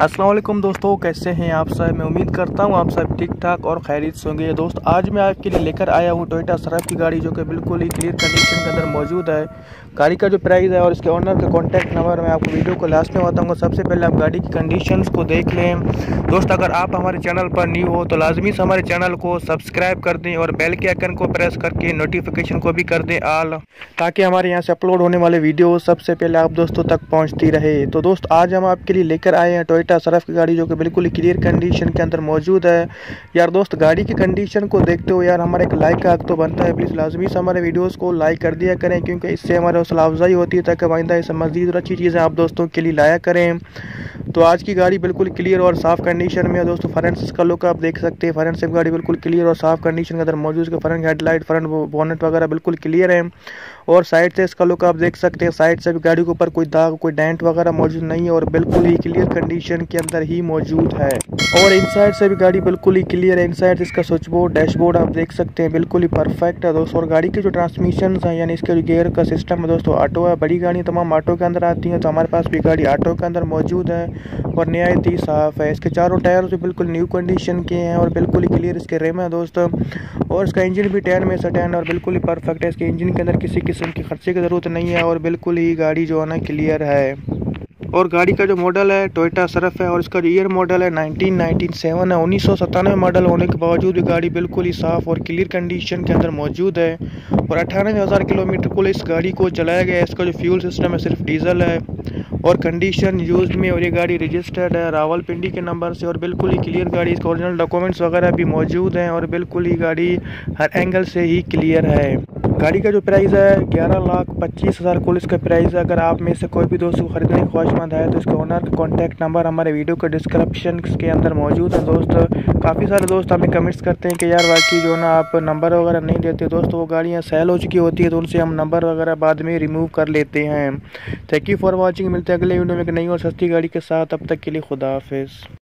असलम दोस्तों कैसे हैं आप सब मैं उम्मीद करता हूं आप सब ठीक ठाक और खैरित से होंगे दोस्त आज मैं आपके लिए लेकर आया हूं टोयोटा सरफ की गाड़ी जो कि बिल्कुल ही क्लियर कंडीशन के अंदर मौजूद है गाड़ी का जो प्राइस है और इसके ऑनर का कॉन्टैक्ट नंबर मैं आपको वीडियो को लास्ट में बताऊँगा सबसे पहले आप गाड़ी की कंडीशन को देख लें दोस्त अगर आप हमारे चैनल पर न्यू हो तो लाजमी से हमारे चैनल को सब्सक्राइब कर दें और बेल के आइकन को प्रेस करके नोटिफिकेशन को भी कर दें आल ताकि हमारे यहाँ से अपलोड होने वाले वीडियो सबसे पहले आप दोस्तों तक पहुँचती रहे तो दोस्त आज हम आपके लिए लेकर आए हैं टोयटा क्रेटा सरफ की गाड़ी जो कि बिल्कुल ही क्लियर कंडीशन के अंदर मौजूद है यार दोस्त गाड़ी की कंडीशन को देखते हुए यार हमारा एक लाइक का हक तो बनता है प्लीज़ लाजमी से हमारे वीडियोज़ को लाइक कर दिया करें क्योंकि इससे हमारे हौसला अफजाई होती है ताकि आइंदा इसे मजीद और अच्छी चीज़ें आप दोस्तों के लिए लाया करें तो आज की गाड़ी बिल्कुल क्लियर और साफ़ कंडीशन में है दोस्तों फ्रंट का लुक आप देख सकते हैं फ्रंट से गाड़ी बिल्कुल क्लियर और साफ़ कंडीशन के अंदर मौजूद है फ्रंट हेडलाइट फ्रंट बॉनेट वगैरह बिल्कुल क्लियर है और साइड से इसका लुक आप देख सकते हैं साइड से भी गाड़ी के ऊपर कोई दाग कोई डेंट वगैरह मौजूद नहीं है और बिल्कुल ही क्लियर कंडीशन वेरिएंट के अंदर ही मौजूद है और इनसाइड से भी गाड़ी बिल्कुल ही क्लियर है इनसाइड इसका स्विच बोर्ड डैशबोर्ड आप देख सकते हैं बिल्कुल ही परफेक्ट है दोस्तों और गाड़ी के जो ट्रांसमिशन है यानी इसके जो गेयर का सिस्टम है दोस्तों ऑटो है बड़ी गाड़ी तमाम ऑटो के अंदर आती हैं तो हमारे पास भी गाड़ी ऑटो के अंदर मौजूद है और नहायत ही साफ़ है इसके चारों टायर भी बिल्कुल न्यू कंडीशन के हैं और बिल्कुल ही क्लियर इसके रेम है दोस्तों और इसका इंजन भी टेन में सटैन और बिल्कुल ही परफेक्ट है इसके इंजन के अंदर किसी किस्म के खर्चे की ज़रूरत नहीं है और बिल्कुल ही गाड़ी जो है ना क्लियर है और गाड़ी का जो मॉडल है टोयोटा सरफ है और इसका जो ईयर मॉडल है नाइनटीन नाइनटीन सेवन है उन्नीस मॉडल होने के बावजूद भी गाड़ी बिल्कुल ही साफ़ और क्लियर कंडीशन के अंदर मौजूद है और अठानवे हज़ार किलोमीटर कुल इस गाड़ी को चलाया गया है इसका जो फ्यूल सिस्टम है सिर्फ डीजल है और कंडीशन यूज में और ये गाड़ी रजिस्टर्ड है रावलपिंडी के नंबर से और बिल्कुल ही क्लियर गाड़ी इसका ओरिजिनल डॉक्यूमेंट्स वगैरह भी मौजूद हैं और बिल्कुल ही गाड़ी हर एंगल से ही क्लियर है गाड़ी का जो प्राइस है ग्यारह लाख पच्चीस हज़ार कुल इसका प्राइस है अगर आप में से कोई भी दोस्त को खरीदने की ख्वाहिशमंद है तो इसके ओनर का कॉन्टैक्ट नंबर हमारे वीडियो के डिस्क्रिप्शन के अंदर मौजूद है दोस्त काफ़ी सारे दोस्त हमें कमेंट्स करते हैं कि यार वाकई जो ना आप नंबर वगैरह नहीं देते दोस्त वो गाड़ियाँ सेल हो चुकी होती है तो उनसे हम नंबर वगैरह बाद में रिमूव कर लेते हैं थैंक यू फॉर वॉचिंग मिलते हैं अगले वीडियो में एक नई और सस्ती गाड़ी के साथ अब तक के लिए खुदाफिज़